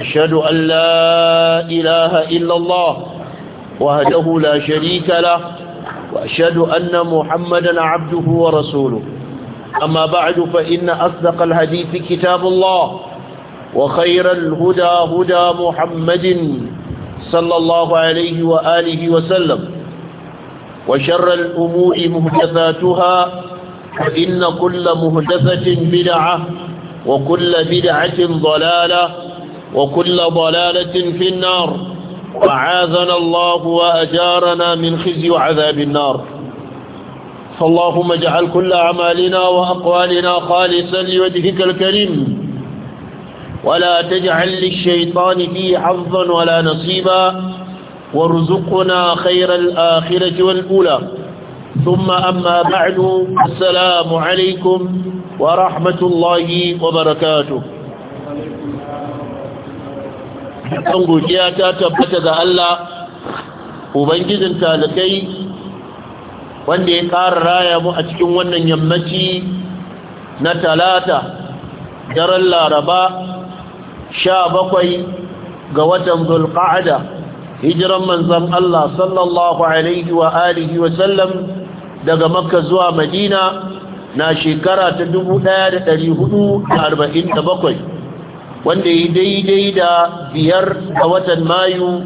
أشهد أن لا إله إلا الله وهده لا شريك له وأشهد أن محمدا عبده ورسوله أما بعد فإن أصدق الحديث كتاب الله وخير الهدى هدى محمد صلى الله عليه وآله وسلم وشر الأمور مهدثاتها فإن كل مهدثة بدعة وكل بدعة ضلالة وكل ضلالة في النار وعاذنا الله وأجارنا من خزي وعذاب النار فاللهم اجعل كل أعمالنا وأقوالنا خالصا لوجهك الكريم ولا تجعل للشيطان فيه حظا ولا نصيبا وارزقنا خير الآخرة والأولى ثم أما بعد السلام عليكم ورحمة الله وبركاته dukkan godiya ta tabbata ga Allah ubangijin talakai wanda ya ƙara raya mu a cikin wannan yammaci na talata daren laraba sha bakwai ga watan zulqa'ada hijiran manzan Allah sallallahu alaihi wa alihi wa sallam daga makka zuwa madina na shekara ta 1447 wanda ya daidai da biyar da watan mayu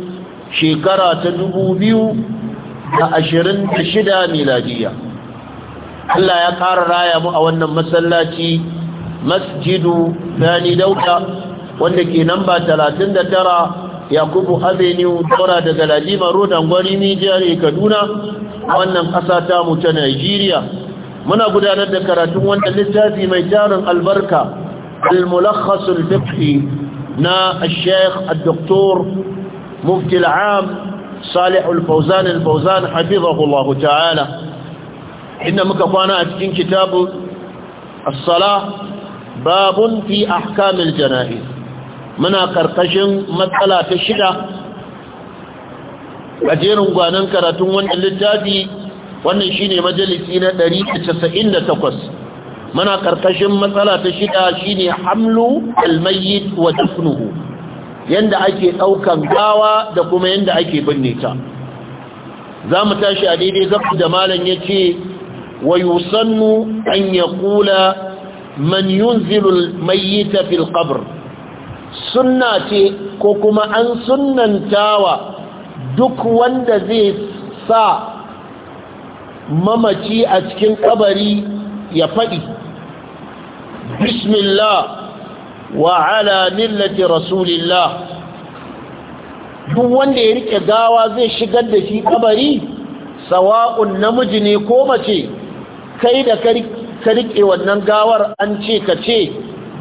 shekara ta dubu biyu da ashirin da shida miladiya Allah ya ƙara raya mu a wannan masallaci masjidu dani dauta wanda ke namba talatin da tara yakubu avenue daura daga ladima road angwani mijiyar kaduna wannan ƙasa mu ta nigeria muna gudanar da karatun wanda littafi mai tarin albarka الملخص الفقهي نا الشيخ الدكتور مفتي العام صالح الفوزان الفوزان حفظه الله تعالى إن مكفانا أتكين كتاب الصلاة باب في أحكام الجنائز منا كركشن مسألة الشدة أجير مغانا كراتون اللتاتي wannan shine majalisi na 198 muna karkashin matsala ta shida shine hamlu almayyit wa dafnuhu yanda ake ɗaukan gawa da kuma yanda ake binne ta zamu tashi a daidai gabu da malam yace wa yusannu an kula? man yunzilu almayyita fil qabr sunna ce ko kuma an sunnantawa duk wanda zai sa mamaci a cikin kabari ya faɗi bismillah wa ala millati rasulillah duk wanda ya rike gawa zai shigar da shi kabari sawa'un namiji ne ko mace kai da ka rike wannan gawar an ce ka ce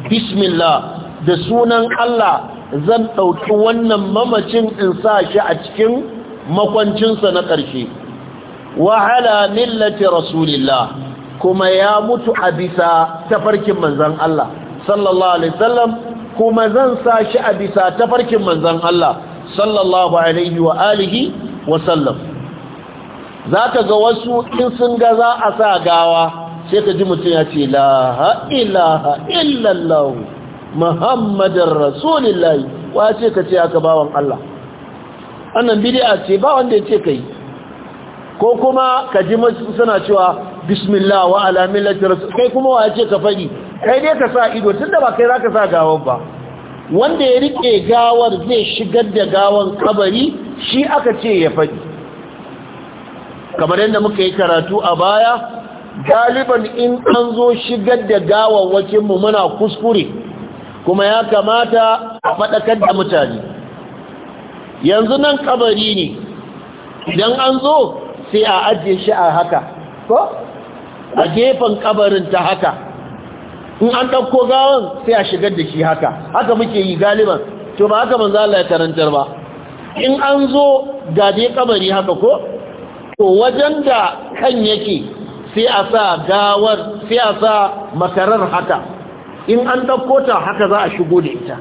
bismillah da sunan Allah zan ɗauki wannan mamacin in sa shi a cikin makwancinsa na ƙarshe wa ala millati rasulillah kuma ya mutu a bisa tafarkin manzan Allah sallallahu alaihi wasallam kuma zan sa shi a bisa tafarkin manzan Allah sallallahu alaihi wa alihi wa sallam zaka ga wasu in sun ga za a sa gawa sai ka ji mutum ya ce la ilaha illallah muhammadar rasulullahi wa ce ka ce aka bawan Allah annan bid'a ce ba wanda ya ce kai ko kuma ka ji suna cewa bismillah wa ala millati rasul kai kuma wa yace ka fadi kai dai ka sa ido tunda ba kai zaka sa gawar ba wanda ya rike gawar zai shigar da gawar kabari shi aka ce ya fadi kamar yadda muka yi karatu a baya galiban in an zo shigar da gawawwakin mu muna kuskure kuma ya kamata a faɗakar da mutane yanzu nan kabari ne idan an zo sai a ajiye shi a haka ko a gefen kabarin ta haka in an ɗauko gawan sai a shigar da shi haka haka muke yi galiban to ba haka manzo Allah ya karantar ba in an zo ga dai kabari haka ko to wajen da kan yake sai a sa gawar sai a sa makarar haka in an ɗauko ta haka za a shigo da ita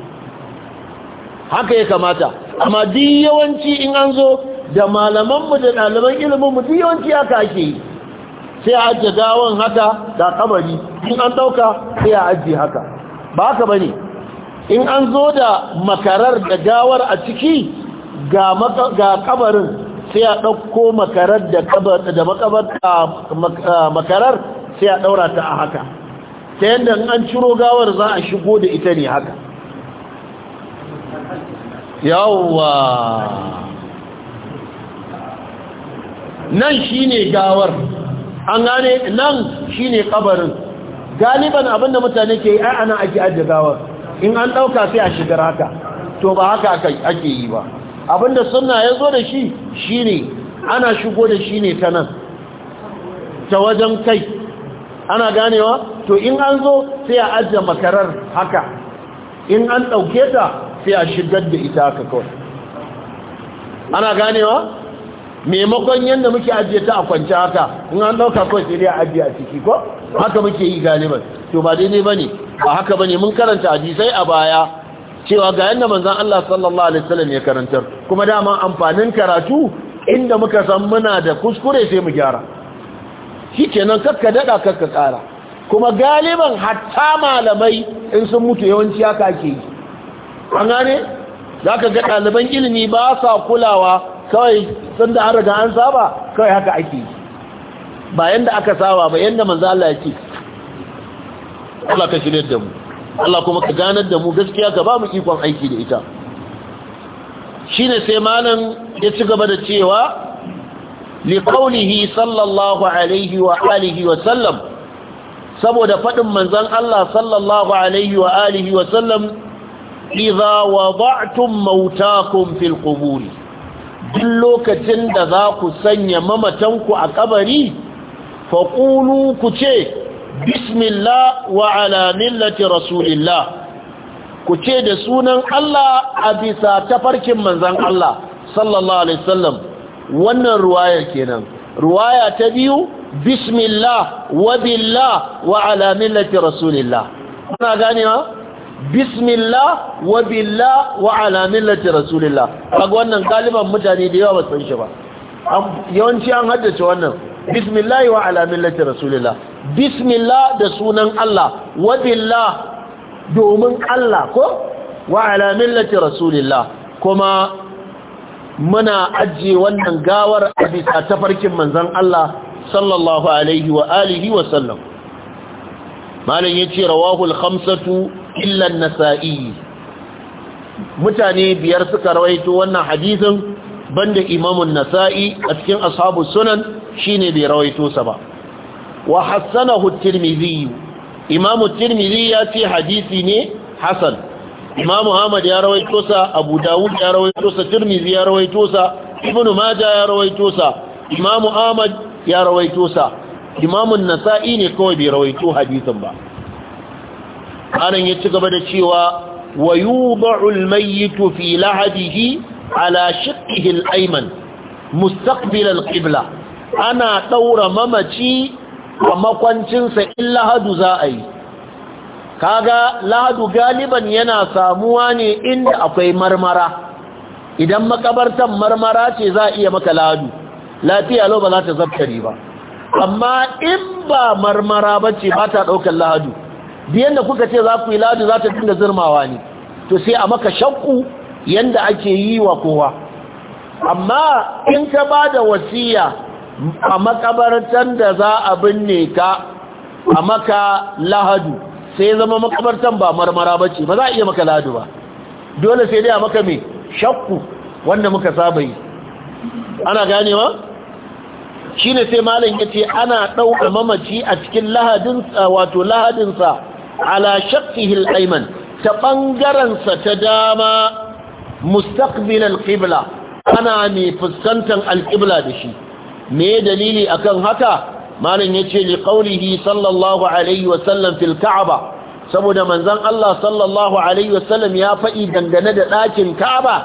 haka ya kamata amma duk yawanci in an zo da malamanmu da ɗaliban iliminmu duk yawanci haka ake yi sai a ajiye gawar haka da kabari in an dauka sai a ajiye haka ba haka bane in an zo da makarar da gawar a ciki ga kabarin sai a dauko makarar da makarar sai a daura ta a haka ta yadda an ciro gawar za a shigo da ita ne haka yawwa nan shine gawar an gane nan shi ne kabarin galiban abinda mutane ke yi ana ake ajiyagawa in an dauka sai a shigar haka to ba haka ake yi ba abinda suna ya zo da shi shi ne ana shigo da shi ne ta nan ta wajen kai ana ganewa to in an zo sai a ajiyar makarar haka in an ɗauke ta sai a shigar da ita haka kawai ana ganewa maimakon yadda muke ajiye ta a kwanci haka in an ɗauka kawai sai dai a ajiye a ciki ko haka muke yi galiban to ba daidai ba ne ba haka ba ne mun karanta hadisai a baya cewa ga yadda manzan Allah sallallahu alaihi wasallam ya karantar kuma dama amfanin karatu inda muka san muna da kuskure sai mu gyara Shi shikenan kakka dada kakka kara kuma galiban hatta malamai in sun mutu yawanci haka ake yi an gane zaka ga ɗaliban ilimi ba sa kulawa kawai sun da an raga an saba kawai haka ake ba yadda aka saba ba yadda manzo Allah ya ce Allah ka shirya da mu Allah kuma ka ganar da mu gaskiya ka ba mu ikon aiki da ita Shi ne sai malam ya ci gaba da cewa li sallallahu alaihi wa alihi wa sallam saboda faɗin manzan Allah sallallahu alaihi wa alihi wa sallam idza wada'tum mautakum fil quburi duk lokacin da za ku sanya mamatanku a kabari faƙulu ku ce bismillah wa ala millati rasulillah ku ce da sunan Allah a bisa tafarkin manzan Allah sallallahu alaihi wasallam wannan ya kenan ruwaya ta biyu bismillah wa billah wa ala millati rasulillah kuna ganewa bismillah wa billah wa ala millati rasulillah kaga wannan galiban mutane da yawa ba san shi ba yawanci an haddace wannan bismillah wa ala millati rasulillah bismillah da sunan Allah wa billah domin Allah ko wa ala millati rasulillah kuma muna ajiye wannan gawar a bisa tafarkin manzon Allah sallallahu alaihi wa alihi wa sallam malam yace rawahu al-khamsatu illan nasa'i mutane biyar suka rawaito wannan hadisin banda imamun nasa'i a cikin ashabu sunan shine bai rawaito sa ba wa hassanahu tirmidhi imamu tirmidhi ya ce hadisi ne hasan imamu ahmad ya rawaito sa abu dawud ya rawaito sa tirmidhi ya rawaito sa ibnu majah ya rawaito sa imamu ahmad ya rawaito sa imamun nasa'i ne kawai bai rawaito hadisin ba anan ya ci gaba da cewa wa yudau almayyit fi lahadihi ala shiqqihi alayman mustaqbil alqibla ana daura mamaci a makwancinsa in lahadu za a yi kaga lahadu galiban yana samuwa ne inda akwai marmara idan makabartan marmara ce za a iya maka lahadu lafiya lau ba za ta zaftari ba amma in ba marmara ba ce ba ta ɗaukar lahadu biyan da kuka ce za ku yi ladi za ta dinga zirmawa ne to sai a maka shakku yanda ake yi wa kowa amma in ka ba da wasiya a makabartan da za a binne ka a maka lahadu sai zama makabartan ba marmara ba ce ba za a iya maka lahadu ba dole sai dai a maka mai shakku wanda muka saba yi ana gane ganewa shi ne sai malam ya ce ana ɗauka mamaci a cikin lahadinsa wato lahadinsa ala shaqqihi ayman ta bangaren sa ta dama mustaqbil al-qibla ana ne fuskantar al-qibla da shi me dalili akan haka malam yace li qawlihi sallallahu alaihi wa sallam fil saboda manzon Allah sallallahu alaihi wa sallam ya faɗi dangane da ɗakin Ka'aba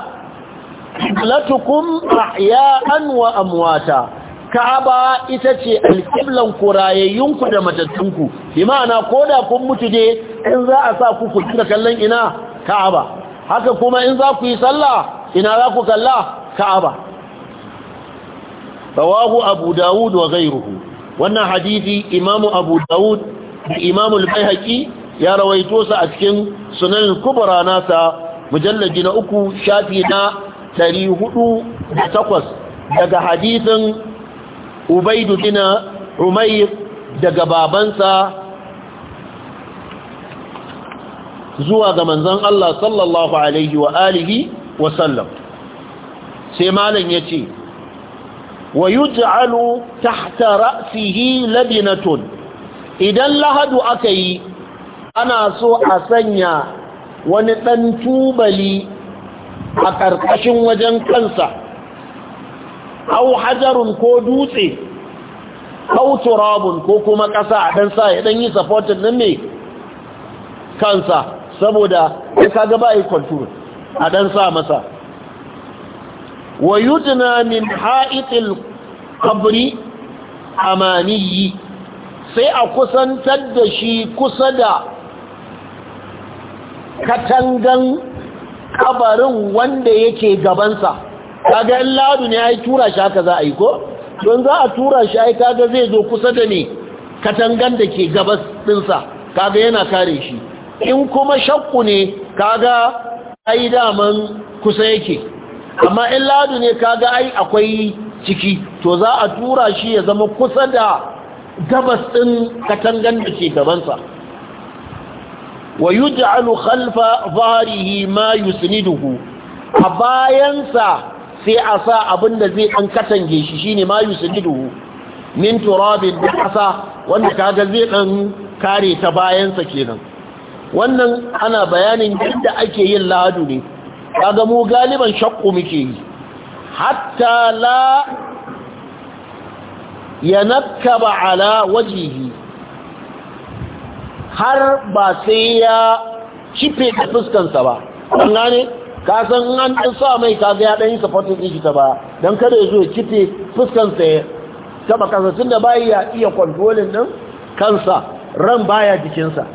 latukum ahya'an wa amwata ka'aba ita ce alƙiblan ku rayayyunku da matattunku bi ma'ana ko da kun mutu ne in za a sa ku ku da kallon ina ka'aba haka kuma in za ku yi sallah ina za ku kalla ka'aba rawahu abu dawud wa ghayruhu wannan hadisi imamu abu dawud da imamu al-baihaqi ya rawaito sa a cikin sunan kubra nasa mujallaji na uku shafi na 408 daga hadisin ubaidu dina umair daga babansa zuwa ga manzon Allah sallallahu alaihi wa alihi wa sallam sai malam yace wa yuj'alu tahta ra'sihi labinatun idan lahadu akai ana so a sanya wani dan tubali a karkashin wajen kansa au hajarun ko dutse aw turabun ko kuma ƙasa dan sa ya dan yi supporting din ne kansa saboda ka ga ba yi control a dan sa masa wa min ha'itil qabri amaniyi sai a kusantar da shi kusa da katangan kabarin wanda yake gabansa kaga yan ladu ne ai tura shi haka za a yi ko don za a tura shi ai kaga zai zo kusa da ne katangan da ke gabas dinsa kaga yana kare shi in kuma shakku ne kaga ai daman kusa yake amma in ladu ne kaga ai akwai ciki to za a tura shi ya zama kusa da gabas din katangan da ke gabansa wa yuj'alu khalfa dhahrihi ma yusniduhu a bayansa sai a sa abin da zai ɗan katange shi shine ma yusulidu min turabin da ƙasa wanda kaga zai ɗan kare ta bayansa kenan wannan ana bayanin yadda ake yin lahadu ne kaga mu galiban shakku muke yi hatta la ba ala wajihi har ba sai ya cife da fuskansa ba ɗan gane ka san in an ɗan sa mai ka ga ya ɗan yi safatin shi ta ba don kada ya zo ya fuskansa ya taɓa kansa tun da bayi ya iya kwalbolin ɗin kansa ran baya jikinsa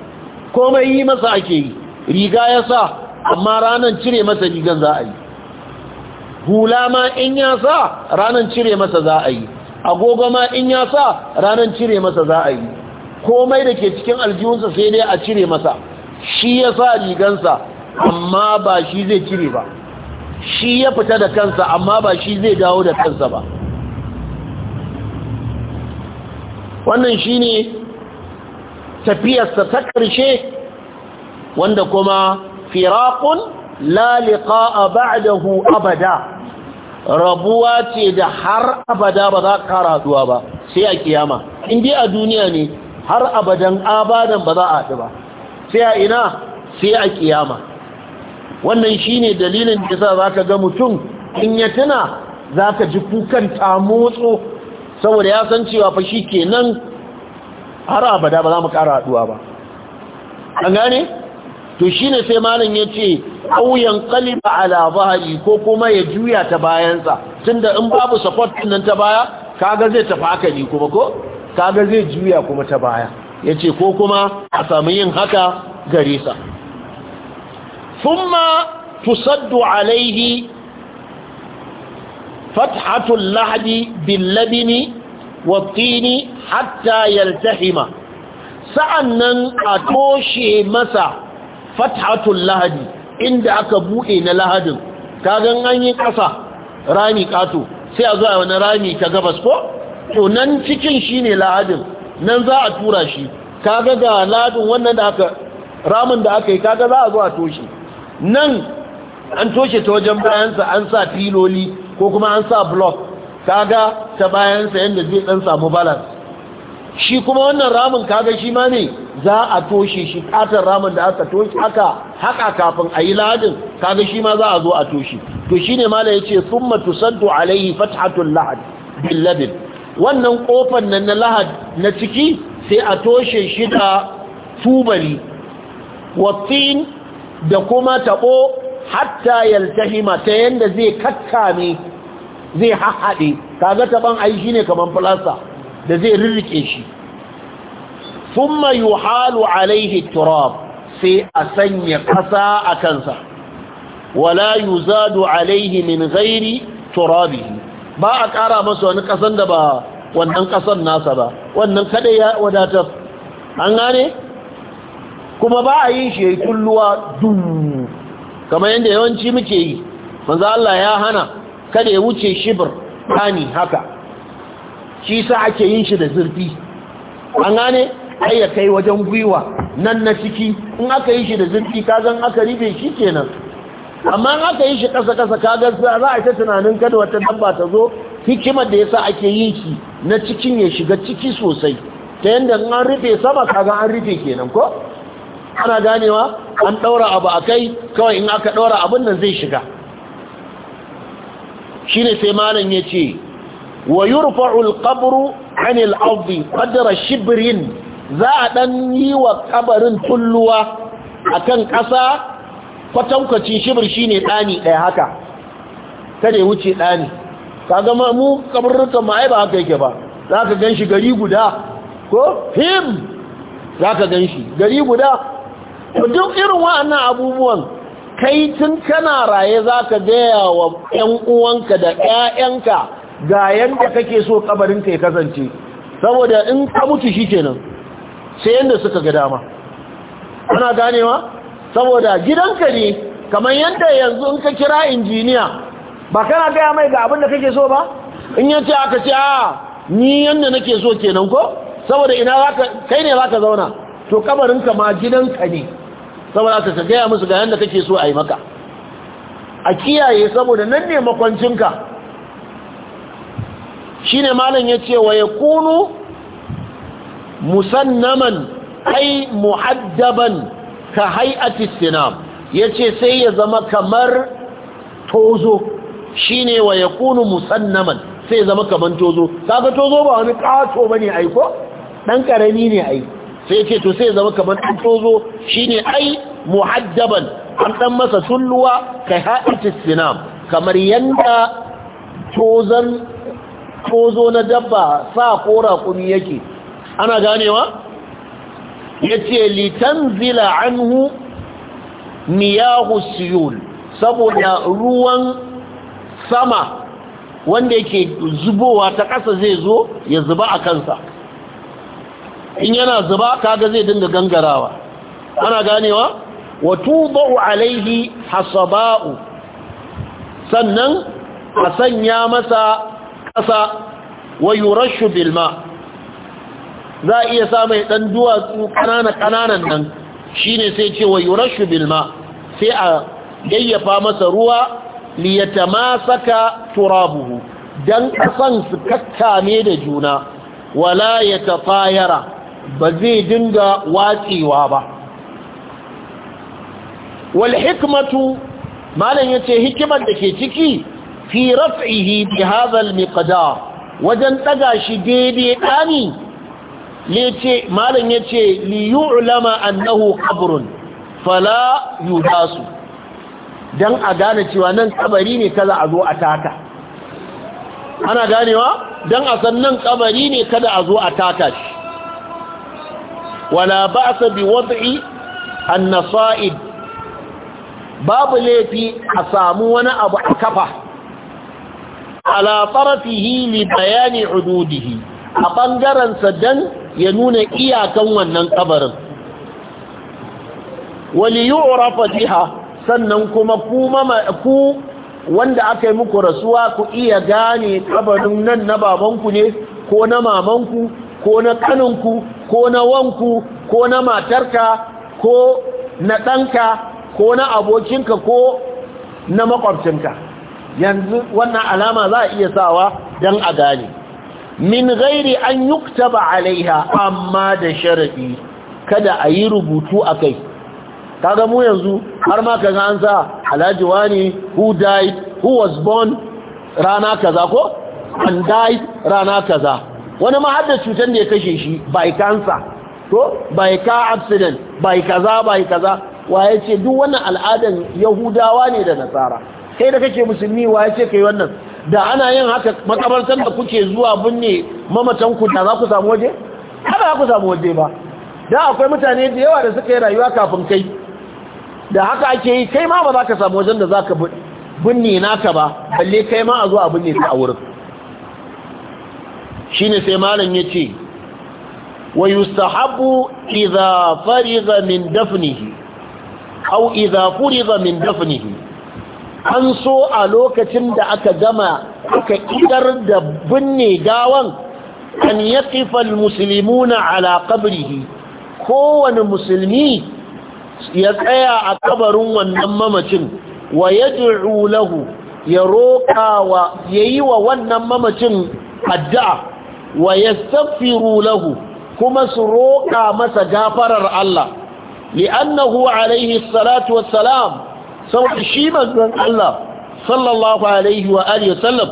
komai yi masa ake yi riga ya sa amma ranan cire masa rigan za a yi hula ma in ya sa ranan cire masa za a yi agogo ma in ya sa ranan cire masa za a yi komai da ke cikin aljihunsa sai dai a cire masa shi ya sa rigansa amma ba shi zai cire ba shi ya fita da kansa amma ba shi zai dawo da kansa ba wannan shi ne tafiyarsa ta ƙarshe wanda kuma firakun lalika a abada rabuwa ce da har abada ba za ka raduwa ba sai a kiyama dai a duniya ne har abadan abadan ba za a haɗu ba sai a ina sai a kiyama wannan shi ne dalilin da za ka ga mutum in ya tuna za ka ji kukan ta motso saboda ya san cewa fa shi ke nan har abada ba za mu kara haduwa ba an gane to ne sai malam ce ƙauyen qaliba a labari ko kuma ya juya ta bayansa tunda in babu sakwatin nan ta baya kaga zai tafi haka ne kuma ko kaga zai juya kuma ta baya ya ce ko kuma a samu yin haka gare sa thumma tusaddu alaihi fathatul lahadi bil labini wattini hatta yaltahima nan a toshe masa fathatul lahadi inda aka bude na lahadin kagan an yi kasa rami kato sai a zuwa wani rami ta gabas ko to nan cikin shine lahadin nan za a tura shi kaga ga ladin wannan da aka ramin da aka yi kaga za a zo a toshe nan an toshe ta wajen bayansa an sa filoli ko kuma an sa block kaga ta bayansa yadda zai dan samu balance shi kuma wannan ramin kaga shi ma ne za a toshe shi katon ramin da aka toshe aka haka kafin a yi ladin kaga shi ma za a zo a toshe to shi ne mala sun matu tusaddu alaihi fathatun lahad bin labin wannan kofan nan na lahad na ciki sai a toshe shi da tubali watin da kuma taɓo hatta yaltahima ta yanda zai kakkame zai haɗe kaga taɓon aishi shi ne kamar filasta da zai rirrike shi thumma yuhalu alaihi turab sai a sanya ƙasa a kansa wala yuzadu alaihi min gairi turabihi ba a ƙara masa wani ƙasan da ba wannan ƙasan nasa ba wannan kaɗai ya wadatar an gane kuma ba a yi shi ya yi tulluwa dum kamar yadda yawanci muke yi manzo Allah ya hana kada ya wuce shibir hani haka shi sa ake yin shi da zurfi an gane ai ya kai wajen gwiwa nan na ciki in aka yi shi da zurfi zan aka ribe shi kenan amma in aka yi shi kasa-kasa ka a za a ta tunanin kada wata dabba ta zo hikimar da yasa ake yin shi na cikin ya shiga ciki sosai ta yadda an rufe sama kaga an rufe kenan ko ana ganewa an ɗaura abu a kai kawai in aka ɗaura abin nan zai shiga shi ne sai malam ya ce wa yi rufa ƙabru anil alfi ƙadara shibirin za a ɗan yi wa ƙabarin tulluwa a kan ƙasa kwatankwacin shibir shi ne ɗani ɗaya haka kada ya wuce ɗani ka gama mu ma ma'ai ba haka yake ba za ka gan shi gari guda ko him za ka gan shi gari guda to duk irin wa'annan abubuwan kai tun kana raye za ka gaya wa 'yan uwanka da 'ya'yanka ga yanda kake so kabarinka ya kasance saboda in ka mutu shi kenan sai yanda suka ga dama ana ganewa saboda gidanka ne kamar yadda yanzu in ka kira injiniya ba kana gaya mai ga abin da kake so ba in ce aka ce a ni yanda nake so kenan ko saboda ina zaka kai ne za ka zauna to kabarinka ma gidanka ne saboda ka gaya musu ga yanda kake so a yi maka a kiyaye saboda nan ne makwancinka shi ne malam ya ce wa ya kunu musannaman ai muhaddaban ka hai sinam ya ce sai ya zama kamar tozo shi ne wa ya kunu musannaman sai ya zama kamar tozo saka tozo ba wani ƙato ba ne aiko ɗan ƙarami ne aiko sai ce to sai zama kamar ɗan tozo shine ai muhaddaban an ɗan masa tulluwa kai ha'itis sinam kamar yanda tozon tozo na dabba sa kora raƙumi yake ana ganewa ya ce litanzila anhu miyahu siyul saboda ruwan sama wanda yake zubowa ta ƙasa zai zo ya zuba a kansa in yana zuba kaga zai dinga gangarawa ana ganewa wa tuba'u alaihi hasaba'u sannan a sanya masa ƙasa wa yurashu bilma za a iya sa mai ɗan duwatsu ƙananan nan shi ne sai ce wa yurashu bilma sai a yayyafa masa ruwa liyata saka turabuhu don ƙasan su kakkame da juna wala ya tafayara ba zai dinga watsewa ba wal hikmatu malam yace hikimar da ke ciki fi raf'ihi bi hadha al miqdar wajen daga shi daidai dani yace malam yace li yu'lama annahu qabrun fala yudasu dan a gane cewa nan kabari ne kada a zo a taka ana ganewa dan a san nan kabari ne kada a zo a taka shi wala ba'sa bi wad'i an babu laifi a samu wani abu a kafa ala hili li bayani hududihi a bangaren sa dan ya nuna iyakan wannan kabarin wali yu'rafa biha sannan kuma ku wanda aka yi muku rasuwa ku iya gane ƙabarin nan na babanku ne ko na mamanku ko na kaninku ko na wanku ko na matarka ko na ɗanka ko na abokinka ko na makwabcinka yanzu wannan alama za a iya sawa don a gane min gairi an yuktaba alaiha amma da sharaɗi kada a yi rubutu a kai kaga mu yanzu har ma kaga an sa alhaji wani who died who was born rana kaza ko and died rana kaza wani ma cutar da ya kashe shi by cancer to by car accident by kaza by kaza waye ce duk wannan al'adan yahudawa ne da nasara kai da kake musulmi waye ce kai wannan da ana yin haka makabartan da kuke zuwa binne mamatan ku da za ku samu waje kada ku samu waje ba da akwai mutane da yawa da suka yi rayuwa kafin kai da haka ake yi kai ma ba za ka samu wajen da za ka binne naka ba balle kai ma a zo a binne ta a wurin ne sai malam yace wa yustahabu idza fariga min dafnihi Au idza furiga min dafnihi an so a lokacin da aka gama aka idar da binne gawan an yaqifa almuslimuna ala qabrihi kowane musulmi ya tsaya a kabarin wannan mamacin wa yad'u lahu ya roƙa wa yayi wa wannan mamacin addu'a wa yastaghfiru lahu kuma su roƙa masa gafarar Allah li'annahu alaihi salatu wassalam saboda shi manzon Allah sallallahu alaihi wa alihi sallam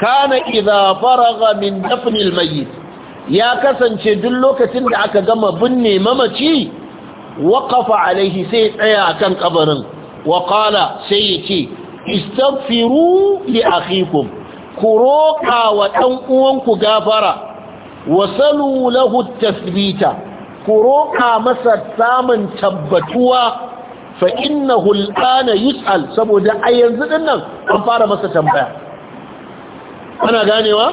kana idza faraga min dafn almayyit ya kasance duk lokacin da aka gama binne mamaci waqafa alaihi sai tsaya akan kabarin wa qala sai yace istaghfiru li akhikum ku roƙa wa ɗan uwanku gafara wasalu lahu tasbita ku roƙa masa samun tabbatuwa fa innahu al'ana yus'al saboda a yanzu din an fara masa tambaya ana ganewa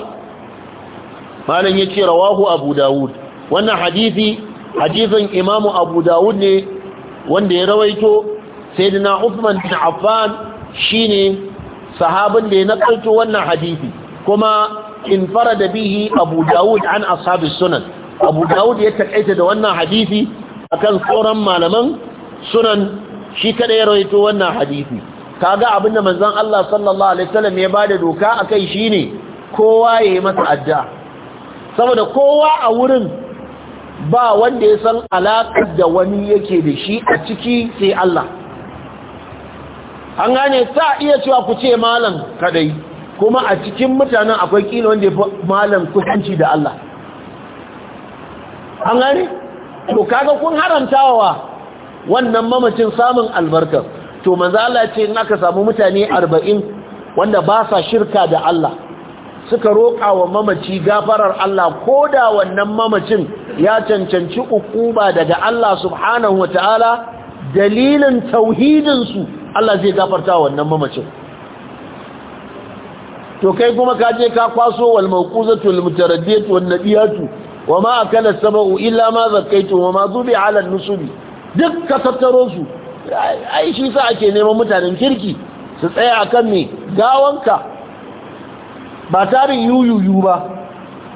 malam yace rawahu abu Dawud. wannan hadisi hadisin imamu abu Dawud ne wanda ya rawaito sayyidina Uthman bin Affan shine sahabin da ya nakalto wannan hadisi kuma in bihi abu dawud an ashabi sunan abu ya takaita da wannan hadisi akan sauran malaman sunan shi kada ya rawaito wannan hadisi kaga abinda manzon Allah sallallahu alaihi wasallam ya bada doka akai shine kowa yayi masa adda saboda kowa a wurin ba wanda ya san alaƙar da wani yake da shi a ciki sai Allah an gane ta iya cewa ku ce malam kadai kuma a cikin mutanen akwai kila wanda ya fi malam kusanci da Allah an gane to kaga kun haramtawa wannan mamacin samun albarkar to manzo Allah ce in aka samu mutane 40 wanda ba sa shirka da Allah suka roƙa wa mamaci gafarar Allah ko da wannan mamacin ya cancanci ukuba daga Allah subhanahu wa ta'ala dalilin tauhidinsu. Allah zai gafarta wannan mamacin to kai kuma ka je ka kwaso wal mawquzatul mutaraddiyat wan nabiyatu wama akala sabu illa ma zakaitu wama zubi ala nusubi duk ka tattaro su ai shi sa ake neman mutanen kirki su tsaya akan me gawanka ba tarin yuyuyu ba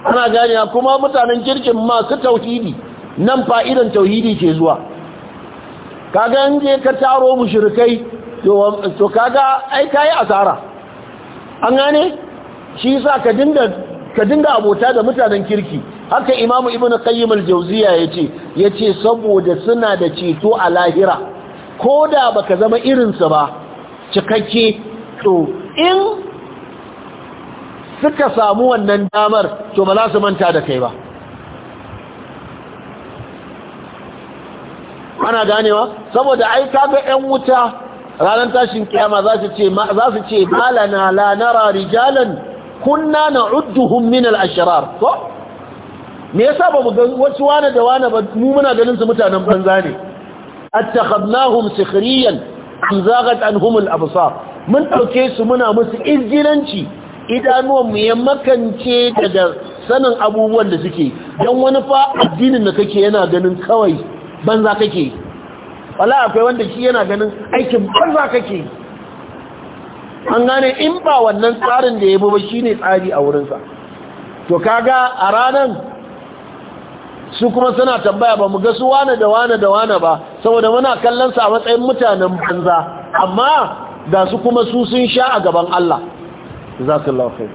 ana ganiya kuma mutanen kirkin ma su tauhidi nan fa'idan tauhidi ke zuwa kaga in je ka taro mushrikai to kaga ai kayi asara an gane shi yasa ka dinga ka dinga abota da mutanen kirki haka imamu ibnu qayyim al-jawziya yace yace saboda suna da ceto a lahira koda baka zama irin su ba cikakke to in suka samu wannan damar to ba za su manta da kai ba ana ganewa saboda ai kaga yan wuta ranar tashin kiyama za su ce za su ce malana la nara rijalan kunna na'udduhum min al-ashrar ko me yasa ba mu ga wasu wani da wani ba mu muna ganin su mutanen banza ne attakhadnahum sikhriyan am zaghat anhum al-absar mun dauke su muna musu izgilanci idanuwan mu ya makance daga sanin abubuwan da suke dan wani fa addinin da kake yana ganin kawai banza kake wala akwai wanda shi yana ganin aikin banza kake an gane in ba wannan tsarin da ya bi ba shine tsari a wurinsa to kaga a ranan su kuma suna tambaya ba mu ga su wane da wane da wane ba saboda muna kallon sa a matsayin mutanen banza amma da su kuma su sun sha a gaban Allah su khair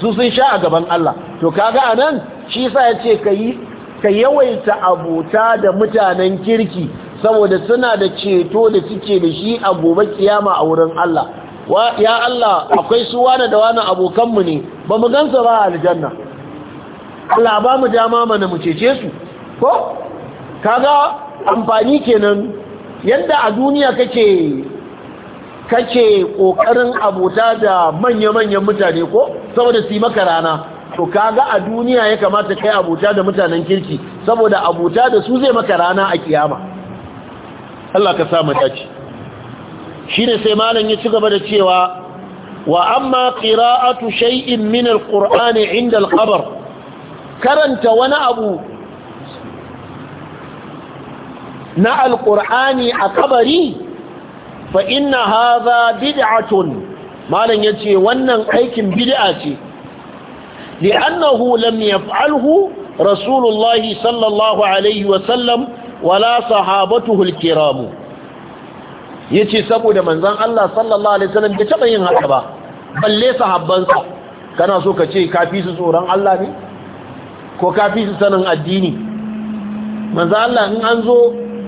su sun sha a gaban Allah to kaga anan shi yasa yace kai ka yawaita abota da mutanen kirki saboda suna da ceto da suke da shi a gobe kiyama a wurin Allah ya Allah akwai su wani da wani abokanmu ne ba mu gansa ba a aljanna Allah ba mu dama mana mu cece su ko kaga amfani kenan yadda a duniya kake kake kokarin abota da manya-manyan mutane ko saboda su yi maka rana to kaga a duniya ya kamata kai abota da mutanen kirki saboda abota da su zai maka rana a kiyama Allah ka sa mu dace sai malam ya ci gaba da cewa wa amma qira'atu shay'in min al 'inda al karanta wani abu na al-qur'ani a kabari fa inna hadha bid'atun malam yace wannan aikin bid'a ce li'annahu lam yaf'alhu rasulullahi sallallahu alaihi wa sallam wala sahabatuhu al-kiram yace saboda manzon Allah sallallahu alaihi wasallam bai taba yin haka ba balle sahabbansa kana so ka ce kafi su tsoron Allah ne ko kafi su sanin addini manzon Allah in an zo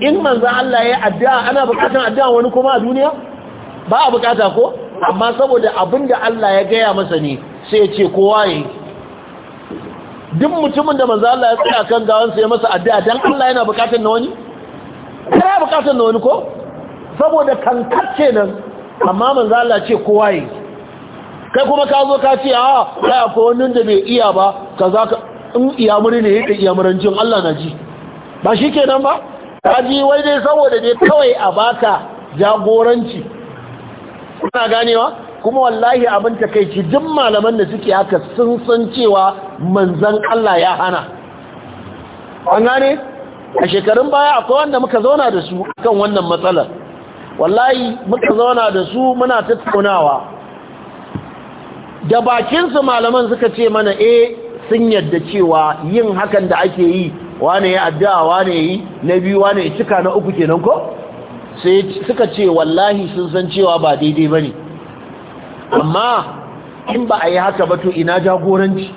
in manzon Allah ya addu'a ana bukatun addu'a wani kuma a duniya ba a bukata ko amma saboda abinda Allah ya gaya masa ne sai ya ce kowa yayi duk mutumin da manzo Allah ya tsaya kan gawan ya masa addu'a dan Allah yana bukatun na wani kana bukatun na wani ko saboda kankacce nan amma manzo Allah ce kowa yi kai kuma ka zo ka ce a ah, kai akwai wani da bai iya ba kaza ka in iyamuri ne yake iyamurancin Allah na ji ba shi kenan ba ka ji wai dai saboda dai kawai a baka jagoranci kuna ganewa kuma wallahi abin ta takeici duk malaman da suke haka sun san cewa manzan Allah ya hana an gane a shekarun baya akwai wanda muka zauna da su kan wannan matsalar wallahi muka zauna da su muna tattaunawa da bakinsu malaman suka ce mana eh sun yadda cewa yin hakan da ake yi wane ya addu'a wane yi na biyu wane ya cika na uku kenan ko sai suka ce wallahi sun san cewa ba daidai bane amma in ba a yi haka ba to ina jagoranci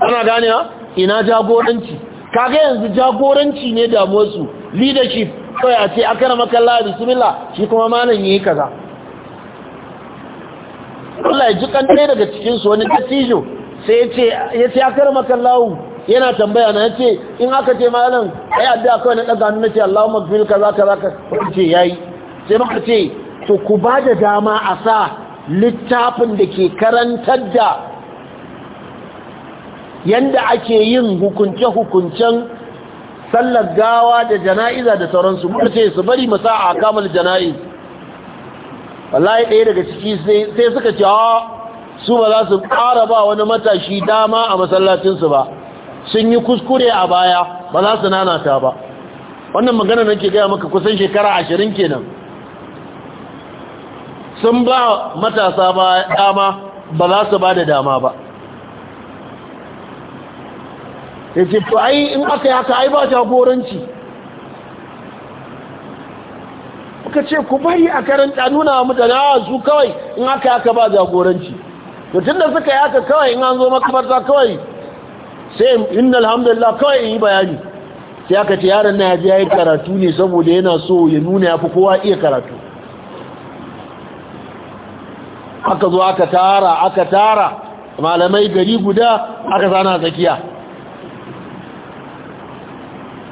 ana gane ha ina jagoranci kaga yanzu jagoranci ne damuwarsu leadership kawai a ce aka rama kalla sumila shi kuma malam yi kaza Allah ya ji kan ɗaya daga cikin su wani dattijo sai ya ce ya ce aka rama kallahu yana tambaya na yace in aka ce malam ai addu'a kawai na daga hannu nace Allahumma gfir kaza kaza ka ce yayi sai maka ce to ku ba da dama a sa littafin da ke karantar da yadda ake yin hukunce-hukuncen sallar gawa da jana'iza da sauransu ce su bari masa a kamar jana'iz wallahi ɗaya daga ciki sai suka ce ah, su ba za su ƙara ba wani matashi dama a masallacinsu ba sun yi kuskure a baya ba za su nanata ba wannan magana nake gaya maka kusan shekara ashirin kenan sun ba matasa ba dama ba za su ba da dama ba ya ce to ai in aka yi haka ai ba jagoranci ka ce ku bari a karanta nuna mutane a ah, su kawai in aka yi haka ba jagoranci to tun da suka yi haka kawai in an zo makamarta kawai sai inna alhamdulillah kawai in yi bayani sai aka ce yaron na ya je ya yi karatu ne saboda yana so ya nuna ya fi kowa iya karatu aka zo aka tara aka tara malamai gari guda aka zana tsakiya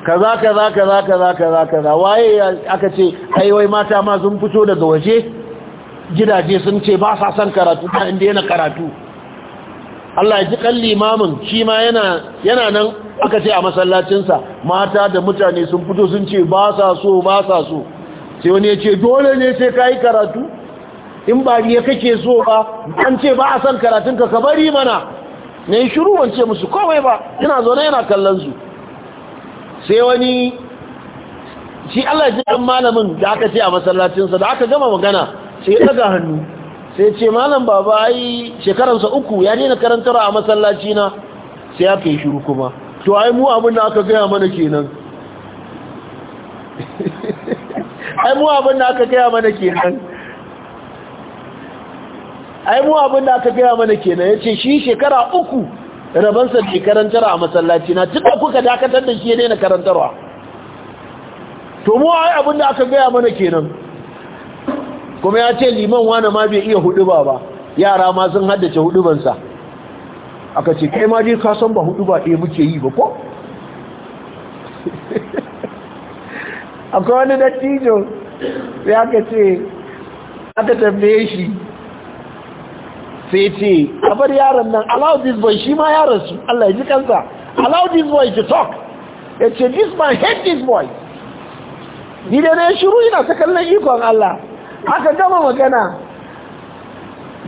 kaza kaza kaza kaza kaza kaza waye aka ce ai wai mata ma sun fito daga waje gidaje sun ce ba sa son karatu ba inda yana karatu Allah ya ji kan limamin shi ma yana yana nan aka ce a masallacinsa mata da mutane sun fito sun ce ba sa so ba sa so sai wani ya ce dole ne sai ka yi karatu in ba biye kake so ba an ce ba a san karatun ka ka bari mana na yi shiru ban musu komai ba ina zaune yana kallon su sai wani shi Allah ji dan malamin da aka ce a masallacinsa da aka gama magana sai ya daga hannu sai ce malam baba ai shekaransa uku ya daina karantar a masallaci na sai ya kai shiru kuma to ai mu abin da aka gaya mana kenan ai mu abin da aka gaya mana kenan ai mu abin da aka gaya mana kenan yace shi shekara uku rabansa ke karantar a masallaci na tun da kuka dakatar da shi ya na karantarwa to mu ai abin da aka gaya mana kenan kuma ya ce liman wani ma bai iya huduba ba yara ma sun haddace hudubansa aka ce kai ma dai ka san ba huduba ɗaya muke yi ba ko akwai wani dattijo ya ka ce aka tambaye shi sai ce a bar yaron nan allow this boy shi ma su Allah ya ji kansa allow this boy to talk ya ce this man hate this boy ni da na shiru yana ta kallon ikon Allah aka gama magana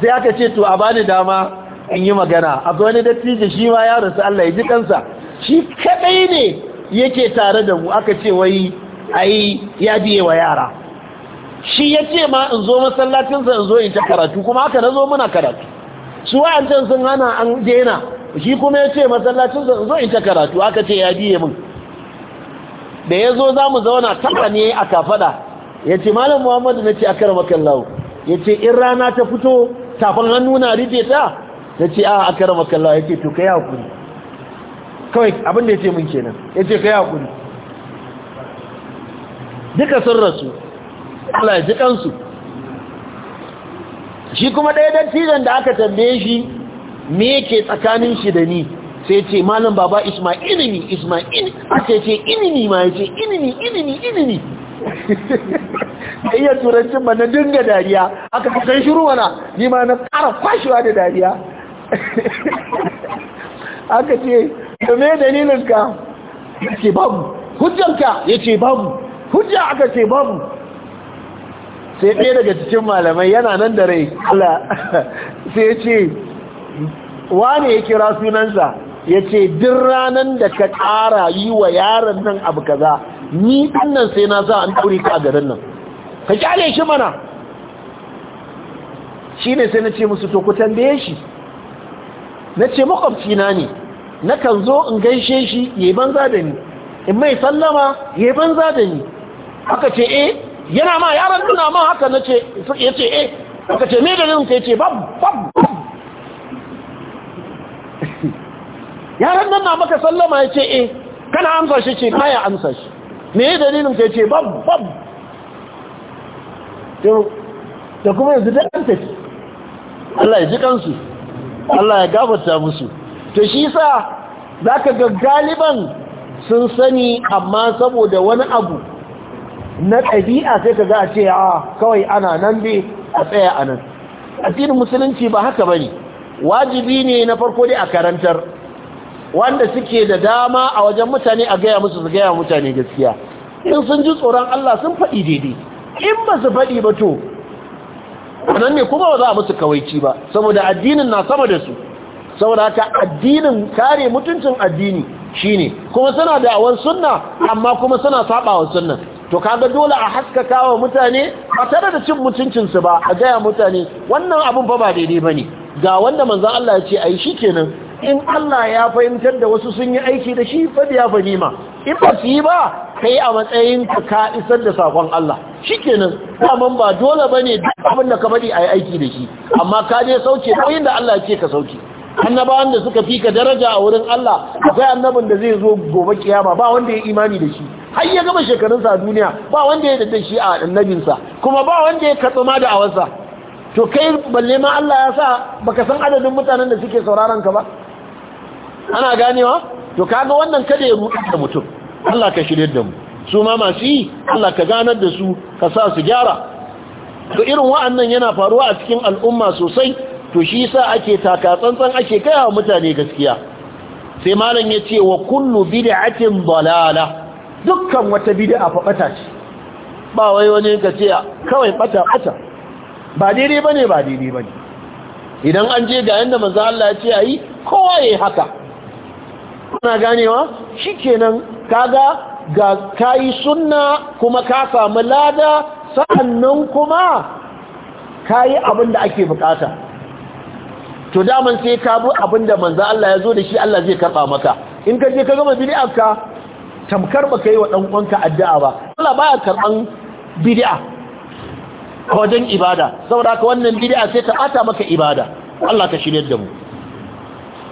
sai aka ce to a bani dama in yi magana a wani dattijo shi ma ya rasu Allah ya ji kansa shi kadai ne yake tare da mu aka ce wai ai ya biye wa yara shi ya ce ma in zo masallacinsa in zo in ta karatu kuma haka na zo muna karatu su wa'ancan sun hana an daina shi kuma ya ce masallacin zo in ta karatu aka ce ya biye min da ya zo za mu zauna taba ne a kafada ya ce malam muhammadu na ce a kara lau ya ce in rana ta fito tafin hannu na rufe ta Ya ce a a kara ya ce to ka yi haƙuri kawai abinda ya ce min kenan ya ce ka yi haƙuri duka sun rasu Allah ya ji kansu shi kuma ɗaya dattijan da aka tambaye shi me ke tsakanin shi da ni sai ce malam baba isma'ilini Isma'il? aka ce inini ma ya ce inini inini inini da iya turancin ba na dinga dariya aka kusan shiru wana ni ma na ƙara kwashewa da dariya aka ce kame dalilinka ya ce babu hujjanka ya ce babu hujja aka ce babu sai ɗaya daga cikin malamai yana nan da rai sai ce wane ya kira sunansa ya ce ranan ranar da ka ƙara yi wa yaron nan abu kaza ni ɗannan sai na za an ɗaure ka a garin nan ka kyale shi mana shi ne sai na ce musu tokutan da ya shi na ce makwabcina ne na kan zo in gaishe shi ya za da ni in mai sallama yaban za da ni aka ce eh yana ma yaran nuna ma haka na ce ya ce eh aka ce me dalilin ka ya ce bab bab yaran nan na maka sallama ya ce eh kana amsa shi ce baya amsa shi me ya dalilin ka ya ce bab bab da kuma yanzu da an tafi Allah ya ji kansu Allah ya gafarta musu to shi sa zaka ga galiban sun sani amma saboda wani abu na ɗabi'a sai ka za a ce a ah, kawai ana nan dai a tsaya a nan addinin musulunci ba haka bane wajibi ne na farko dai a karantar wanda suke da dama a wajen mutane a gaya musu su gaya mutane gaskiya in sun ji tsoron Allah sun faɗi daidai in ba su faɗi ba to nan ne kuma ba za a musu kawaici ba saboda addinin na sama da su saboda haka addinin kare mutuncin addini shine kuma suna da awan sunna amma kuma suna saba wa sunnan to kaga dole a haskaka wa mutane ba tare da cin mutuncinsu ba a gaya mutane wannan abun fa ba daidai ba ne ga wanda manzan Allah ya ce a yi shi kenan in Allah ya fahimtar da wasu sun yi aiki da shi fa ya nima. in ba su yi ba kai a matsayin ka ka isar da sakon Allah shi kenan daman ba dole ba ne duk abin da ka bari a yi aiki da shi amma ka je sauke nauyin da Allah ya ce ka sauke annabawan da suka fi ka daraja a wurin Allah akwai annabin da zai zo gobe kiyama ba wanda ya imani da shi har ya gama shekarunsa a duniya ba wanda ya da shi a annabinsa kuma ba wanda ya katsa ma da awarsa to kai balle ma Allah ya sa baka san adadin mutanen da suke sauraron ka ba ana ganewa to kaga wannan kada ya ruɗa da mutum Allah ka shirye da mu su ma masu yi Allah ka ganar da su ka sa su gyara to irin wa'annan yana faruwa a cikin al'umma sosai to shi sa ake taka tsantsan ake kai wa mutane gaskiya sai malam ya ce wa kullu bid'atin dalala dukkan wata bid'a fa bata ce ba wai wani ka ce kawai bata bata ba daidai bane ba daidai bane idan an je ga yanda manzo Allah ya ce ayi kowa yayi haka kuna ganewa shikenan kaga ga kai sunna kuma ka samu lada nan kuma kayi abin da ake bukata to daman sai ka bi abin da manzo Allah ya zo da shi Allah zai karba maka in ka je ka gama ka tamkar baka yi wa ɗan uwanka addu'a ba Allah baya karban bid'a a wajen ibada saboda ka wannan bid'a sai ta bata maka ibada Allah ka shirye da mu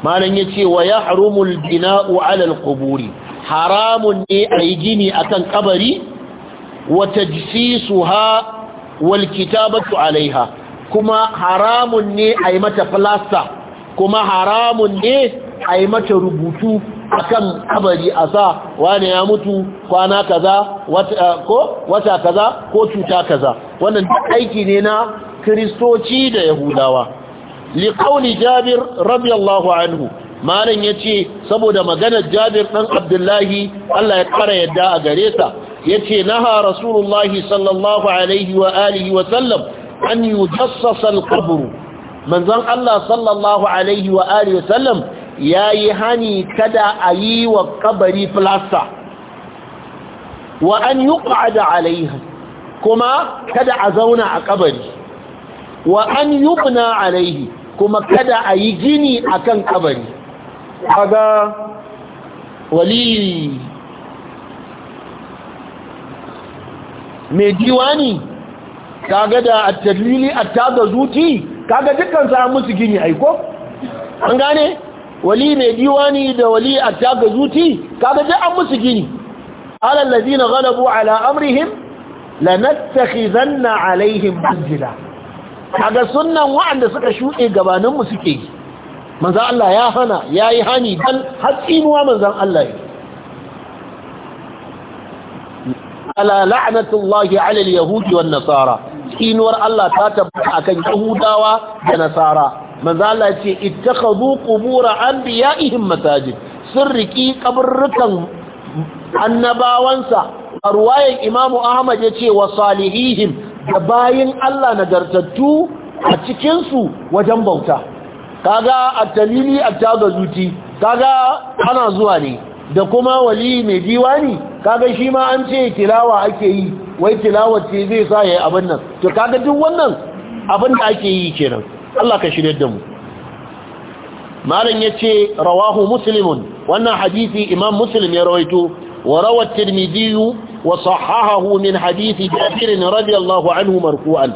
malan yace wa yahrumu al-bina'u 'ala al-quburi haramun ne ayi gini akan kabari wa tajsisuha wal kitabatu 'alayha kuma haramun ne ayi mata plaster kuma haramun ne ayi mata rubutu akan kabari a sa wani ya mutu kwana kaza wata eh, ko wata kaza ko cuta kaza wannan aiki ne na kristoci da yahudawa liqauli jabir radiyallahu anhu malam ce saboda maganar jabir ɗan abdullahi Allah ya ƙara yadda a gare sa ya yace naha rasulullahi sallallahu alaihi wa alihi wa sallam an yujassasa al-qabr manzon Allah sallallahu alaihi wa alihi wa sallam ya yi hani kada a yi wa kabari filasta wa an yi ƙa'ada alaiha kuma kada a zauna a kabari wa an yi alaihi kuma kada a yi gini a kan kabari kaga wali mai diwani kaga da a tattalili a taga zuci kaga dukkan sa musu gini aiko an gane wali mai diwani da wali attaga zuti kaga duk an musu gini ala allazina ghalabu ala amrihim lanattakhidanna alaihim masjida kaga sunnan wa'anda suka shuɗe gabanin mu suke yi Allah ya hana yi hani dan hatsinuwa manzan Allah ya ala la'natullahi ala al wan nasara tsinuwar Allah ta tabbata akan yahudawa da nasara manzo Allah ce ittakhadhu qubur anbiya'ihim masajid sun riki kaburrukan annabawansa a ruwayan imamu ahmad ya ce wa salihihim da bayin Allah nagartattu a cikinsu wajen bauta kaga a talili a taga kaga ana zuwa ne da kuma wali mai diwani kaga shi ma an ce tilawa ake yi wai tilawa ce zai sa ya yi abin nan to kaga duk wannan abin da ake yi kenan Allah ka shirye da mu malam yace rawahu muslimun wannan hadisi imam muslim ya rawaito wa rawa at-tirmidhi wa sahahahu min hadisi jabir radiyallahu anhu marfu'an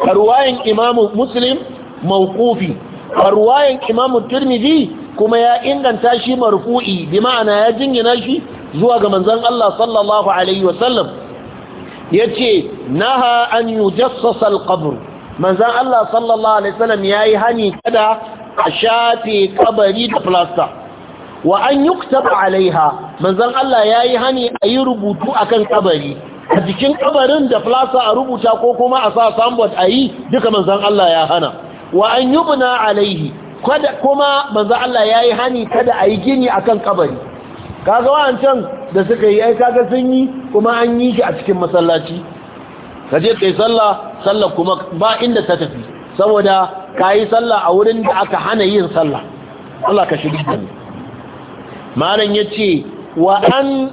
ruwayan imam muslim mawqufi ruwayan imam at-tirmidhi kuma ya inganta shi marfu'i bi ma'ana ya jingina shi zuwa ga manzon Allah sallallahu alaihi wasallam yace naha an yujassasa al-qabr manzan Allah sallallahu alaihi wasallam yayi hani kada a shafe kabari da plaster wa an yuktaba alaiha manzan Allah yayi hani a yi rubutu akan kabari a jikin kabarin da plaster a rubuta ko kuma a sa sambot a yi duka manzan Allah ya hana wa an yubna alaihi kuma manzan Allah yayi hani kada a yi gini akan kabari kaga wancan da suka yi ai kaga sun yi kuma an yi shi a cikin masallaci ka je kai sallah sallah kuma ba inda ta tafi saboda ka yi sallah a wurin da aka hana yin sallah Allah ka shi da Malam ya yace wa an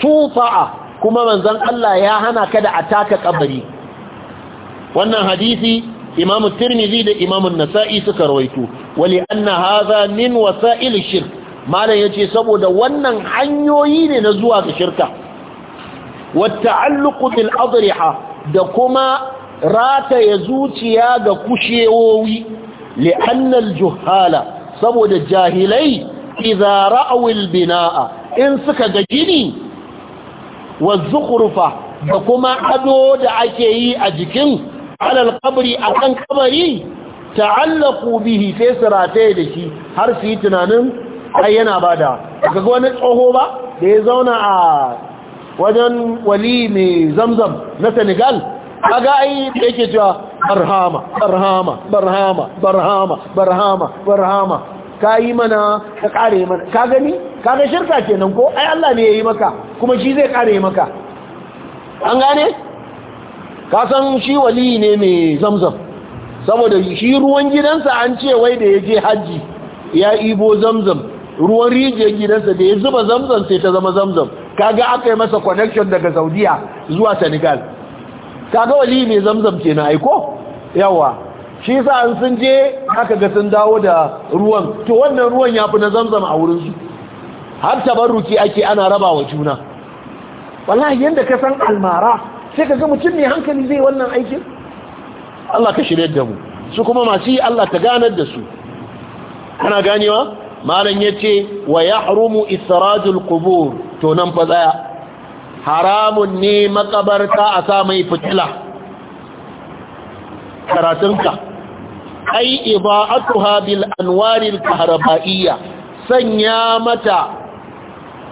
tufa'a kuma manzon Allah ya hana ka da taka kabari wannan hadisi imamu tirmizi da imamu nasa'i suka rawaito wali anna hadha min wasa'il shirk malam yace saboda wannan hanyoyi ne na zuwa ga shirka wata’alluƙudin Abriha da kuma rataye zuciya ga kushewowi li’annal juhala saboda jahilai izara bina’a in suka ga gini wa zukurufa da kuma ado da ake yi a jikin alal kabari a kan kabari ta’allaku bihi sai su rataye da shi har su yi tunanin ai yana ba da ga wani tsoho ba da ya zauna a wajen wali mai zamzam na senegal a ga da yake cewa barhama barhama barhama barhama barhama barhama ka yi mana ka kare mana ka gani ka ga shirka kenan ko ai Allah ne ya yi maka kuma shi zai kare maka an gane ka san shi wali ne mai zamzam saboda shi ruwan gidansa an ce wai da ya je hajji ya ibo zamzam ruwan rijiyar gidansa da ya zuba zamzam sai ta zama zamzam kaga aka yi masa connection daga saudiya zuwa senegal kaga wali mai zamzam ke na aiko yawa shi sa an sun je aka ga sun dawo da ruwan to wannan ruwan ya fi na zamzam a wurinsu har tabarruki ake ana raba wa juna wallahi yadda ka san almara sai ka ga mutum mai hankali zai wannan aikin Allah ka shirya da mu su kuma masu yi Allah ta ganar da su ana ganewa malam ce wa harumu israjul Kubur? to nan fa tsaya haramun ne makabarta a sa mai fitila karatunka ai iba'atuha bil anwaril kahraba'iyya sanya mata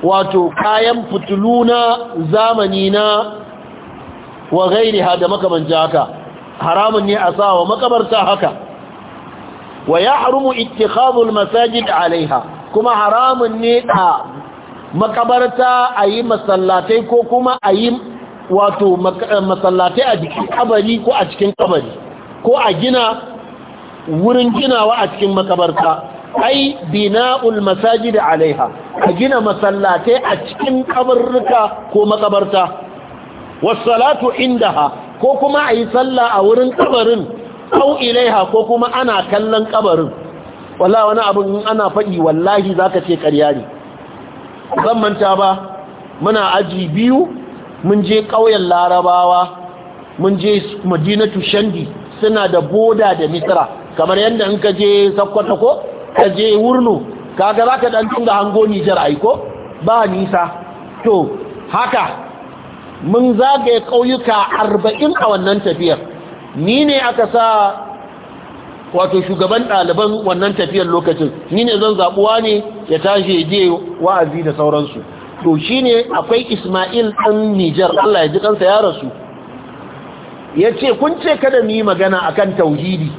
wato kayan fitilu zamani na wa gairiha da makamanci haka haramun ne a sa wa makabarta haka wa ya harumu ittikhadul masajid alaiha kuma haramun ne a makabarta a yi masallatai ko kuma a yi wato eh, masallatai a jikin kabari ko a cikin kabari ko a gina wurin ginawa a cikin makabarta ai alaiha a gina masallatai a cikin kabarruka ko makabarta wassalatu indaha ko kuma a yi sallah a wurin kabarin au ilaiha ko kuma ana kallon kabarin wallahi wani abin ana faɗi wallahi zaka ce karya ne zan manta ba muna aji biyu mun je ƙauyen larabawa mun je madinatu shandi suna da boda da misra kamar yadda in ka je sakkwata ko ka je wurnu kaga za ka ɗan tunga hango nijar aiko ba nisa to haka mun zagaye ƙauyuka arba'in a wannan tafiyar ni ne aka sa wato shugaban ɗaliban wannan tafiyar lokacin ni ne zan zaɓuwa ne ya tashi je wa'azi da sauransu to shi ne akwai ismail ɗan nijar allah ya ji kansa ya rasu ya ce kun ce kada mu yi magana a kan tauhidi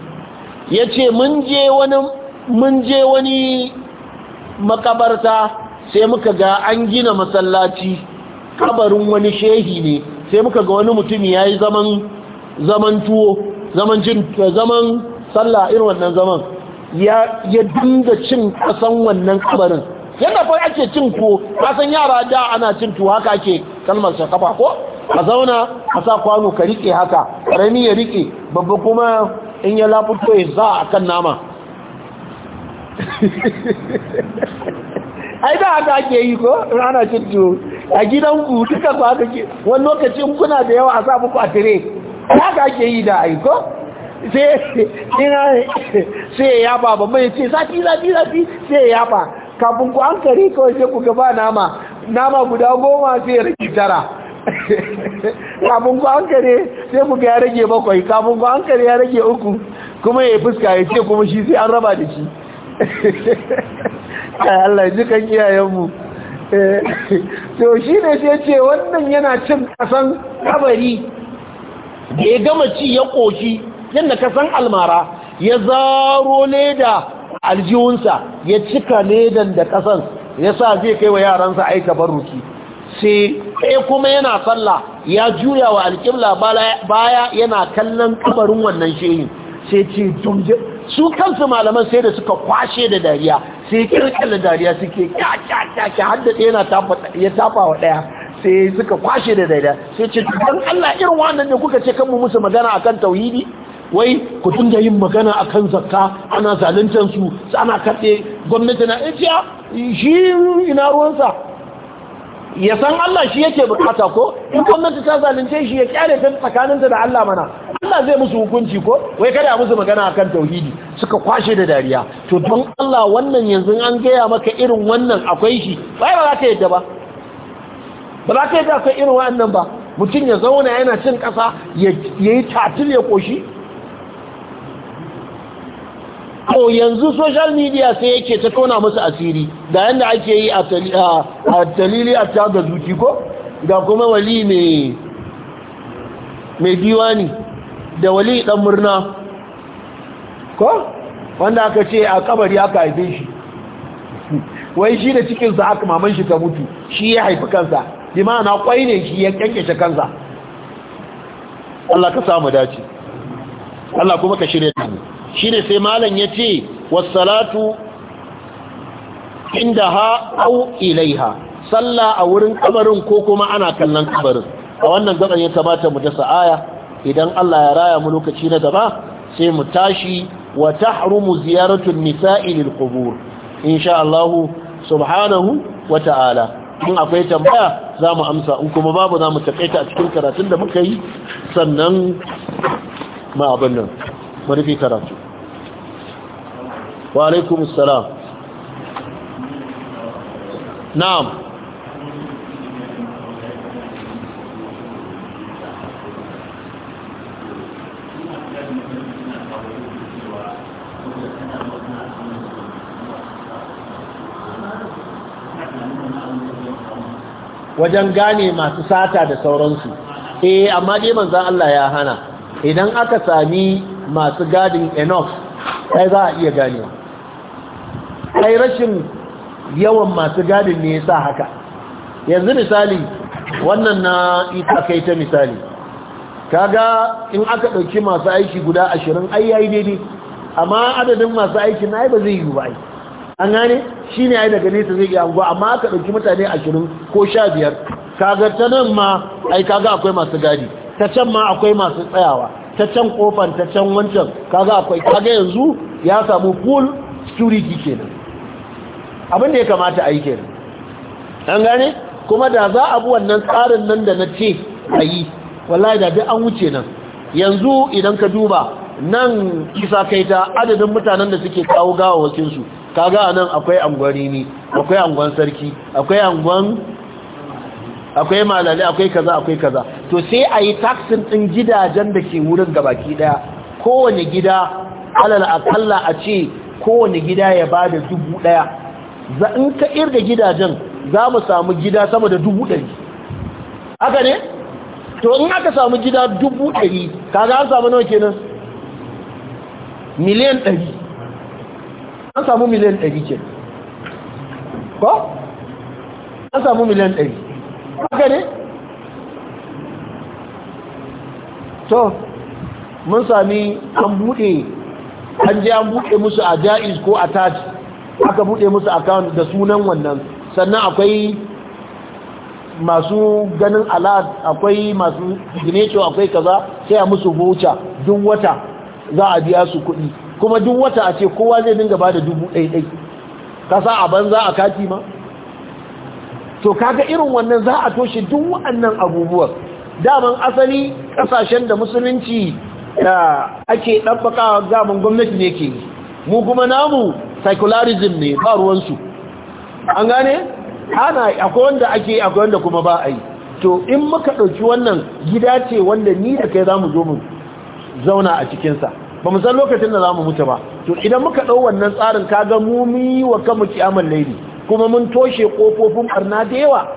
ya ce mun je wani makabarta sai muka ga an gina masallaci kabarin wani shehi ne sai muka ga wani mutum ya yi zaman tuwo zaman sallah irin wannan zaman ya dinga cin kasan wannan kabarin yadda fa ake cin ko kasan yara da ana cin tuwo haka ake kalmar sa kafa ko a zauna a sa kwano ka rike haka karami ya rike babba kuma in ya lafuto ya za a kan nama ai da haka ake yi ko ana cin tuwo a gidan ku duka ku haka ke wani lokacin kuna da yawa a sa muku a tire haka ake yi da aiko sai ya yaba ba mai ce zafi zafi zafi sai ya yaba kafin ku an kare kawai sai ku gaba nama nama guda goma sai ya rage tara kafin ku an kare sai ku ga ya rage bakwai kafin ku an kare ya rage uku kuma ya fuska ya ce kuma shi sai an raba da shi Allah ji kan iyayenmu eh, to shi ne sai ce wannan yana cin kasan kabari da ya gama ci ya ƙoshi yadda ka san almara ya zaro leda aljihunsa ya cika ledan da kasan ya sa zai kai wa yaransa aika baruki sai ɗaya kuma yana sallah ya juya wa alƙibla baya yana kallon kabarin wannan shehin sai ce su kansu malaman sai da suka kwashe da dariya sai kirkir da dariya suke kyakyaki hadda ɗaya ya tafa wa ɗaya sai suka kwashe da dariya sai ce don allah irin wannan ne kuka ce kanmu musu magana akan tauhidi wai ku dinga yin magana akan zakka ana zaluntar su ana kaɗe gwamnati na ajiya eh, shi ina ruwansa ya san Allah shi yake bukata ko in gwamnati ta zalunce shi ya kyale ta tsakaninta da Allah mana Allah zai musu hukunci ko wai kada a musu magana akan tauhidi suka kwashe da dariya to don Allah wannan yanzu an gaya maka irin wannan akwai shi bai ba za ka yadda ba ba za ka yadda akwai irin wannan ba mutum ya zauna yana cin ƙasa ya yi tatil ya ƙoshi to yanzu social media sai yake ta tona musu asiri da yadda ake yi a dalili a ta ga zuci ko ga kuma wali mai diwani da wali dan murna ko wanda aka ce a kabari aka haife shi wai shi da cikinsa aka maman shi ta mutu shi ya haifi kansa dimana kwai ne shi ya kyankyashe kansa Allah ka samu dace Allah kuma ka shirya da mu ne sai malam yace inda indaha au ilaiha sallah a wurin kabarin ko kuma ana kallon kabarin a wannan gaban ya kamata mu dasa aya idan Allah ya raya mu lokaci na gaba sai mu tashi wa tahrumu ziyaratu an-nisa'i lil qubur insha Allah subhanahu wa ta'ala in akwai tambaya za mu amsa in kuma babu za mu takaita a cikin karatun da muka yi sannan ma abin nan mu fi karatu wa alaikum na'am wajen gane masu sata da sauransu eh amma dai manzon Allah ya hana idan aka sami masu gadin enough sai za a iya ganewa sai rashin yawan masu gadin ne ya haka yanzu misali wannan na ita kai ta misali kaga in aka ɗauki masu aiki guda ashirin ai yayi daidai amma adadin masu aiki na ba zai yi ba ai an gane shi ne ai daga nesa zai iya ba amma aka ɗauki mutane ashirin ko sha biyar kaga ta nan ma ai kaga akwai masu gadi ta can ma akwai masu tsayawa ta can kofan ta can wancan kaga akwai kaga yanzu ya samu full security kenan abin da ya kamata a yi kenan an gane kuma da za a bi wannan tsarin nan da na ce a yi wallahi da duk an wuce nan yanzu idan ka duba nan kisa kai ta adadin mutanen da suke kawo wakinsu kaga nan akwai angwani ne akwai angon sarki akwai angon akwai malale akwai kaza akwai kaza to sai a yi taksin ɗin gidajen da ke wurin gabaki ɗaya kowane gida alal akalla a ce kowane gida ya ba da dubu ɗaya za in ka irga gidajen za mu samu gida sama da dubu ɗari haka ne to in aka samu gida dubu ɗari kaga an samu nawa kenan miliyan ɗari an samu miliyan ɗari ce ko an samu miliyan ɗari haka to mun sami an buɗe an je an buɗe musu a jaiz ko a taj aka buɗe musu account da sunan wannan sannan akwai masu ganin alat akwai masu gineto akwai kaza sai a musu voucher duk wata za a biya su kuɗi kuma duk wata a ce kowa zai dinga bada da dubu ɗai ɗai kasa a banza a kati ma to kaga irin wannan za a toshe duk wannan abubuwan daman asali kasashen da musulunci da ake ɗabbaka zaman gwamnati ne ke mu kuma namu secularism ne ba ruwansu an gane ana akwai wanda ake akwai wanda kuma ba a yi to in muka ɗauki wannan gida ce wanda ni da kai za mu zo mu zauna a cikinsa ba mu san lokacin da za mu mutu ba to idan muka ɗau wannan tsarin kaga mu mi wa kanmu kiyamar laidi kuma mun toshe kofofin barna da yawa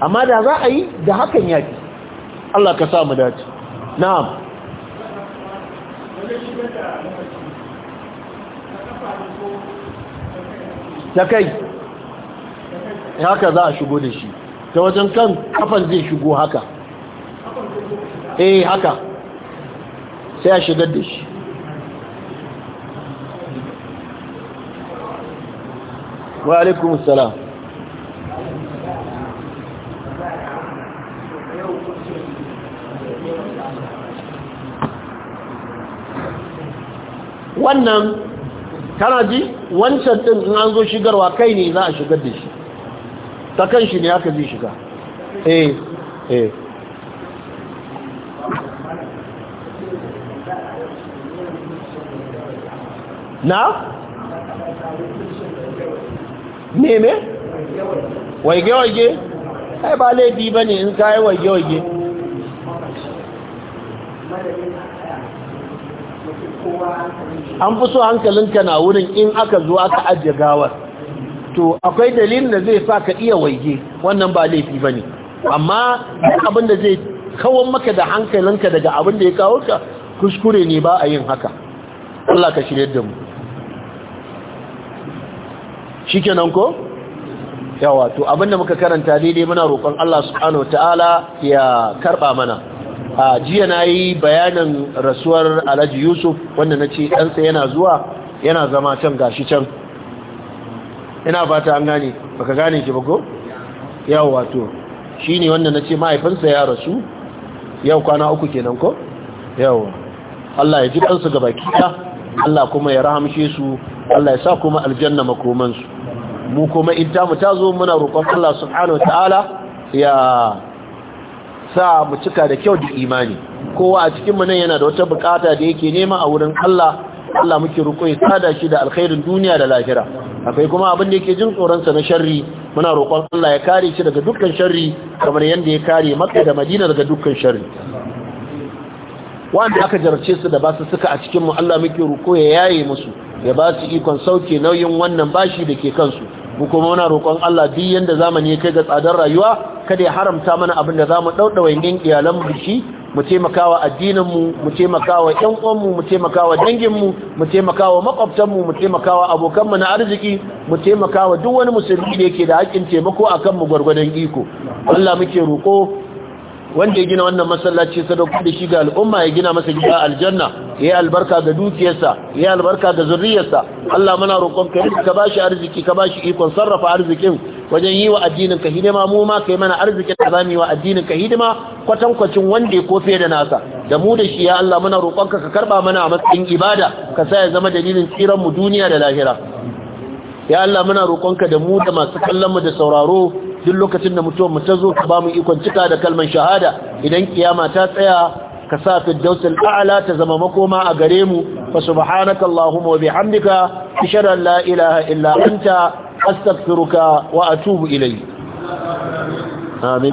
amma da za a yi da hakan ya fi Allah ka sa mu dace na'am ta kai haka za a shigo da shi ta wajen kan kafan zai shigo haka eh haka sai a shigar da shi wa salam. wannan kana ji wancan din in an zo shigarwa kai ne za a shigar da shi ta kan shi ne aka zai shiga eh eh na meme waige-waige ai ba laifi ba ne in yi waige-waige an fi so hankalinka na wurin in aka zo aka ajiye gawar to akwai dalilin da zai sa ka iya waige wannan ba laifi ba ne amma abin da zai kawon maka da hankalinka daga abin da ya kawo ka kuskure ne ba a yin haka Allah ka shirye da mu shikenan ko yawa to abinda muka karanta daidai muna roƙon Allah subhanahu ta'ala ya karba mana a jiya nayi bayanin rasuwar Alhaji Yusuf wanda nace dan sa yana zuwa yana zama can gashi can ina fata an gane baka gane ki ba ko yawa to shine wanda nace mahaifinsa ya rasu yau kwana uku kenan ko yawa Allah ya ji kansu gabaki Allah kuma ya rahamshe su Allah ya sa kuma aljanna makomansu mu kuma in ta mu ta zo muna roƙon Allah subhanahu ta'ala ya sa mu cika da kyau da imani kowa a cikin mu nan yana da wata bukata da yake nema a wurin Allah Allah muke roƙo ya sada shi da alkhairin duniya da lahira akwai kuma abin da yake jin tsoron sa na sharri muna roƙon Allah ya kare shi daga dukkan sharri kamar yanda ya kare Makka da Madina daga dukkan sharri wanda aka jarce su da ba su suka a cikin mu Allah muke roƙo ya yaye musu ya ba su ikon sauke nauyin wannan bashi da ke kansu mu kuma muna roƙon Allah duk yanda zamani ya kai ga tsadar rayuwa kada ya haramta mana abin da zamu daudawa yin iyalan mu shi mu taimakawa addinin mu mu taimakawa ƴan uwan mu mu taimakawa dangin mu mu taimakawa makwabtan mu mu taimakawa abokan mu na arziki mu taimakawa duk wani musulmi da yake da haƙƙin taimako akan mu gwargwadon iko Allah muke roƙo wanda ya gina wannan masallaci sadaukar da shi ga al'umma ya gina masa gida aljanna ya yi albarka ga dukiyarsa ya yi albarka ga zurriyarsa Allah muna roƙon ka ka bashi arziki ka bashi ikon sarrafa arzikin wajen yi wa addinin ka hidima mu ma kai mana arzikin da zamu yi wa addinin ka hidima kwatankwacin wanda ya kofe da nasa da mu da shi ya Allah muna roƙon ka ka karba mana a matsayin ibada ka sa ya zama dalilin tsiran mu duniya da lahira ya Allah muna roƙonka da mu da masu kallon mu da sauraro duk lokacin da mutuwar mu ta zo ka ba mu ikon cika da kalman shahada idan kiyama ta tsaya ka sa firdausul a'la ta zama makoma a gare mu fa subhanaka allahumma wa bihamdika ashhadu an la ilaha illa anta astaghfiruka wa atubu ilayk amin